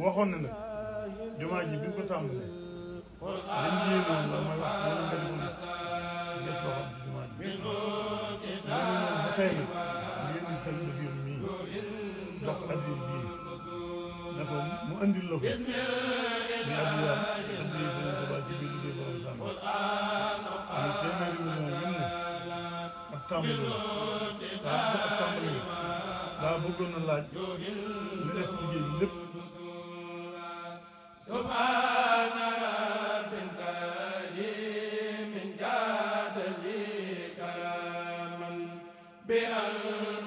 mu waxoon ne nag jumaa ji bi nga ko tàmbalee dañ jéemoon la ma wax wala nga def def loo xam ci jumaa ji ma ne moom ba tey nag ngeen xel Basiiru mii dox addi bii ne ko mu andil la ko di addiyaam addi Sëriñ Tuubaa ci biir liggéey borom sàmm muy téeméeri million yi mu ak tàmbali la waaw ak tàmbali la daa bëggoon a laaj lu def liggéey bi lépp bi